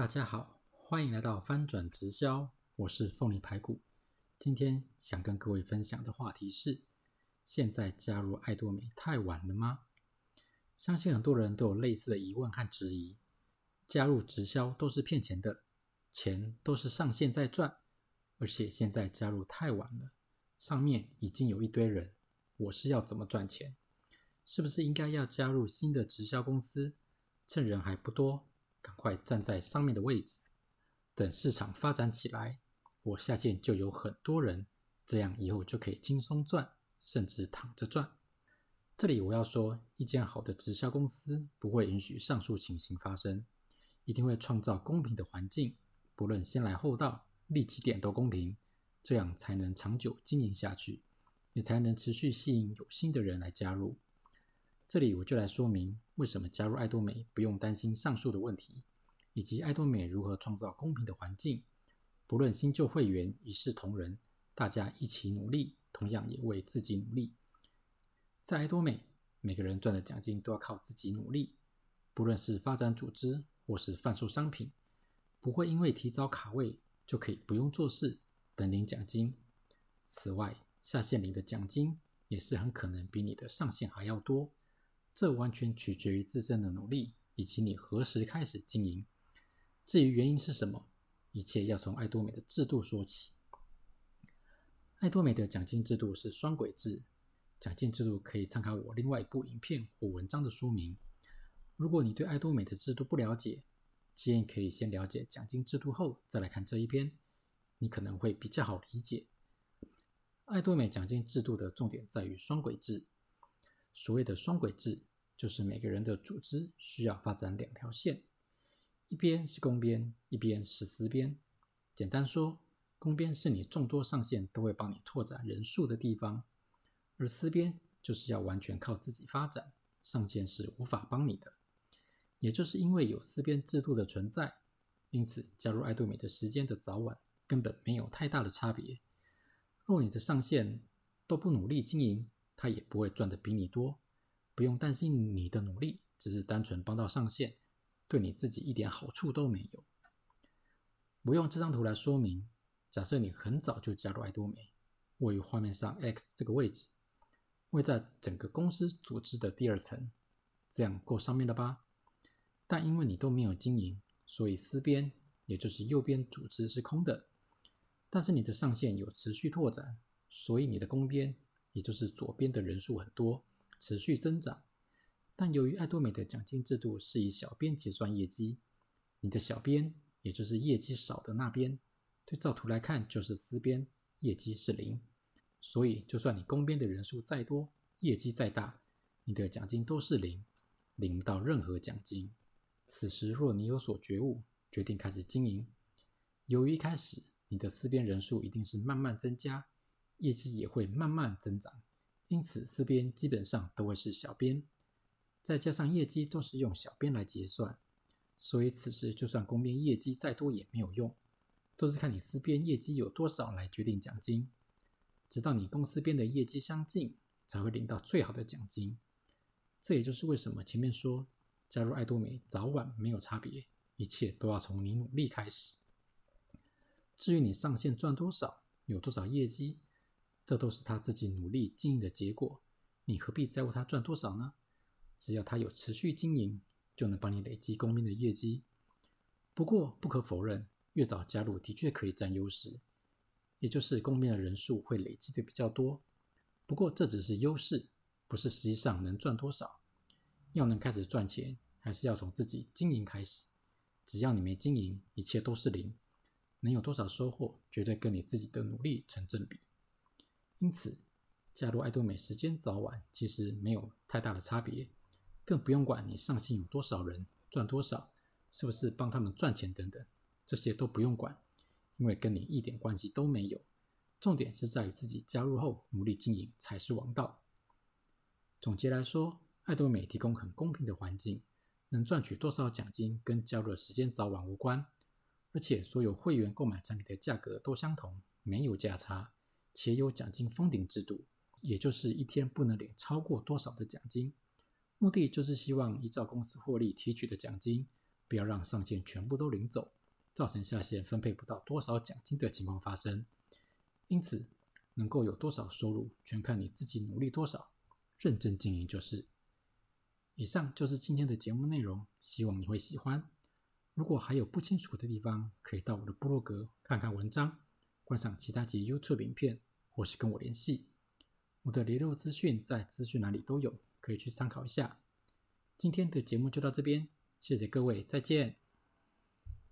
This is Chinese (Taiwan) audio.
大家好，歡迎來到翻轉直銷。我是鳳梨排骨。今天想跟各位分享的話題是：現在加入艾多美太晚了嗎？相信很多人都有類似的疑問和質疑。加入直銷都是騙錢的，錢都是上線在賺，而且現在加入太晚了，上面已經有一堆人，我是要怎麼賺錢？是不是應該要加入新的直銷公司，趁人還不多？趕快站在上面的位置，等市場發展起來，我下線就有很多人，這樣以後就可以輕鬆賺，甚至躺着賺。這裡我要說，一間好的直銷公司不會允許上述情形發生，一定會創造公平的環境，不論先來後到，立起點都公平，這樣才能長久經營下去，也才能持續吸引有心的人來加入。這裡我就來說明。為什麼加入艾多美不用擔心上述的問題，以及艾多美如何創造公平的環境？不論新舊會員一視同仁，大家一起努力，同樣也為自己努力。在艾多美，每個人賺的獎金都要靠自己努力，不論是發展組織或是販售商品，不會因為提早卡位就可以不用做事等領獎金。此外，下線領的獎金也是很可能比你的上線還要多。這完全取決於自身的努力，以及你何時開始經營。至於原因是什麼，一切要從愛多美的制度說起。愛多美的獎金制度是雙軌制，獎金制度可以參考我另外一部影片或文章的說明。如果你對愛多美的制度不了解，建議可以先了解獎金制度後再來看這一篇，你可能會比較好理解。愛多美獎金制度的重點在於雙軌制。所謂的雙軌制，就是每個人的組織需要發展兩條線，一邊是公邊，一邊是私邊。簡單說，公邊是你眾多上線都會幫你拓展人數的地方，而私邊就是要完全靠自己發展，上線是無法幫你的。也就是因為有私邊制度的存在，因此加入艾多美的時間的早晚根本沒有太大的差別。若你的上線都不努力經營，他也不會賺得比你多，不用擔心你的努力，只是單純幫到上線，對你自己一點好處都沒有。我用這張圖來說明，假設你很早就加入艾多美，位於畫面上 X 這個位置，位在整個公司組織的第二層，這樣夠上面了吧？但因為你都沒有經營，所以私邊也就是右邊組織是空的，但是你的上線有持續拓展，所以你的公邊，也就是左邊的人數很多，持續增長。但由於艾多美的獎金制度是以小邊結算業績，你的小邊也就是業績少的那邊，對照圖來看就是私邊，業績是零。所以就算你公邊的人數再多，業績再大，你的獎金都是零，領不到任何獎金。此時若你有所覺悟，決定開始經營，由於一開始你的私邊人數一定是慢慢增加。業績也會慢慢增長，因此私邊基本上都會是小邊，再加上業績都是用小邊來結算，所以此時就算公邊業績再多也沒有用，都是看你私邊業績有多少來決定獎金。直到你公私邊的業績相近，才會領到最好的獎金。這也就是為什麼前面說加入艾多美早晚沒有差別，一切都要從你努力開始。至於你上線賺多少，有多少業績。這都是他自己努力經營的結果，你何必在乎他賺多少呢？只要他有持續經營，就能幫你累積公面的業績。不過，不可否認，越早加入的確可以佔優勢，也就是公面的人數會累積的比較多。不過，這只是優勢，不是實際上能賺多少。要能開始賺錢，還是要從自己經營開始。只要你沒經營，一切都是零。能有多少收穫，絕對跟你自己的努力成正比。因此，加入艾多美時間早晚其實沒有太大的差別，更不用管你上線有多少人賺多少，是不是幫他們賺錢等等，這些都不用管，因為跟你一點關係都沒有。重點是在於自己加入後努力經營才是王道。總結來說，艾多美提供很公平的環境，能賺取多少獎金跟加入的時間早晚無關，而且所有會員購買產品的價格都相同，沒有價差。且有獎金封頂制度，也就是一天不能領超過多少的獎金。目的就是希望依照公司獲利提取的獎金，不要讓上線全部都領走，造成下線分配不到多少獎金的情況發生。因此，能夠有多少收入，全看你自己努力多少，認真經營就是。以上就是今天的節目內容，希望你會喜歡。如果還有不清楚的地方，可以到我的部落格看看文章。觀賞其他集 YouTube 影片，或是跟我聯繫。我的聯絡資訊在資訊欄裡都有，可以去參考一下。今天的節目就到這邊，謝謝各位，再見。